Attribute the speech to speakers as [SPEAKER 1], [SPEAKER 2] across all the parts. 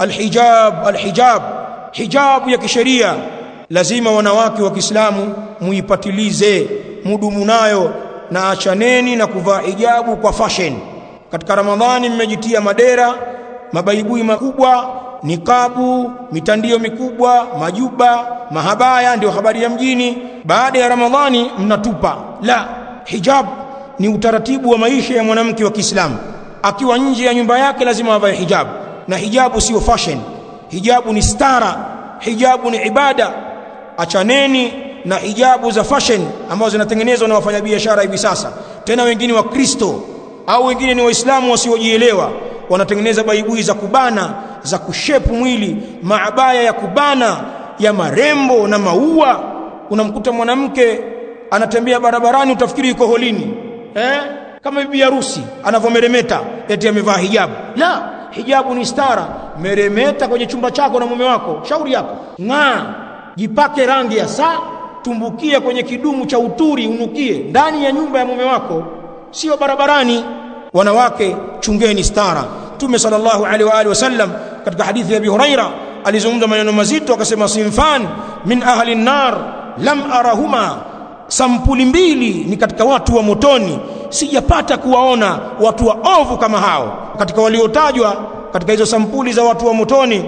[SPEAKER 1] alhijab alhijab hijabu ya kisheria lazima wanawake wa Kiislamu muipatilize mudumu nayo na achaneni na kuvaa hijabu kwa fashion katika Ramadhani mmejitia madera mabaibui makubwa nikabu mitandio mikubwa majuba mahabaya ndio habari ya mjini baada ya Ramadhani mnatupa la hijab ni utaratibu wa maisha ya mwanamke wa Kiislamu akiwa nje ya nyumba yake lazima avae hijabu na hijabu sio fashion, hijabu ni stara, hijabu ni ibada. Achaneni na hijabu za fashion ambazo zinatengenezwa na wafanyabiashara hivi sasa, tena wengine wa Kristo au wengine ni Waislamu wasiojielewa, wanatengeneza baibui za kubana, za kushepu mwili, maabaya ya kubana ya marembo na maua. Unamkuta mwanamke anatembea barabarani, utafikiri yuko holini eh? kama bibi harusi anavyomeremeta eti amevaa hijabu la hijabu ni stara. Meremeta kwenye chumba chako na mume wako, shauri yako. Ng'aa, jipake rangi ya saa, tumbukia kwenye kidumu cha uturi, unukie ndani ya nyumba ya mume wako, sio barabarani. Wanawake, chungeni stara. Mtume sallallahu alaihi wa alihi wasallam katika hadithi ya Abi Huraira alizungumza maneno mazito, akasema sinfan min ahli nnar lam arahuma, sampuli mbili ni katika watu wa motoni sijapata kuwaona watu waovu kama hao katika waliotajwa katika hizo sampuli za watu wa motoni.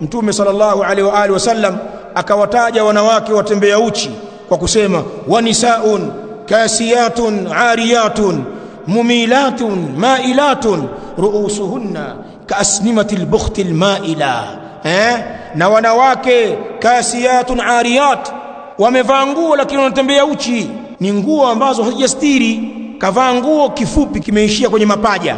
[SPEAKER 1] Mtume sallallahu alaihi wa alihi wasallam akawataja wanawake watembea uchi kwa kusema wanisaun kasiyatun ariyatun mumilatun mailatun ruusuhunna kaasnimatil bukhtil maila eh? na wanawake kasiyatun ariyat wamevaa nguo lakini wanatembea uchi, ni nguo ambazo hazijastiri kavaa nguo kifupi kimeishia kwenye mapaja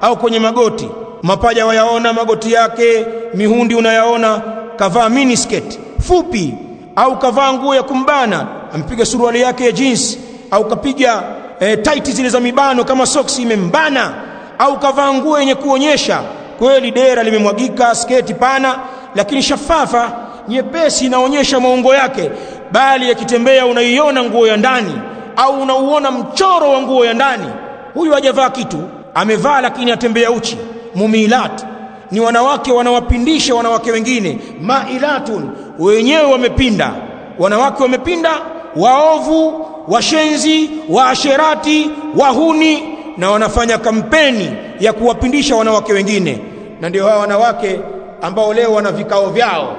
[SPEAKER 1] au kwenye magoti, mapaja wayaona, magoti yake, mihundi unayaona. Kavaa minisketi fupi au kavaa nguo ya kumbana, ampiga suruali yake ya jeans au kapiga e, eh, taiti zile za mibano kama soksi imembana, au kavaa nguo yenye kuonyesha kweli, dera limemwagika, sketi pana lakini shafafa nyepesi, inaonyesha maungo yake, bali yakitembea unaiona nguo ya ndani au unauona mchoro wa nguo ya ndani, huyu hajavaa kitu, amevaa lakini atembea uchi. Mumilat ni wanawake wanawapindisha wanawake wengine, mailatun wenyewe wamepinda, wanawake wamepinda, waovu, washenzi, waasherati, wahuni, na wanafanya kampeni ya kuwapindisha wanawake wengine, na ndio hawa wanawake ambao leo wana vikao vyao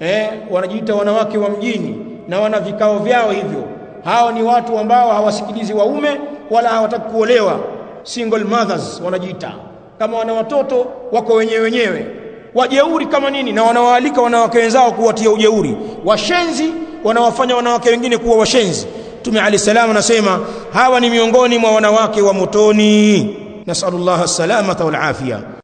[SPEAKER 1] eh, wanajiita wanawake wa mjini na wana vikao vyao hivyo hao ni watu ambao hawasikilizi waume wala hawataki kuolewa single mothers wanajiita kama wana watoto wako wenyewe wenyewe wajeuri kama nini na wanawaalika wanawake wenzao kuwatia ujeuri washenzi wanawafanya wanawake wengine kuwa washenzi Mtume Ali salam anasema hawa ni miongoni mwa wanawake wa motoni, nasallallahu salamata wal afia.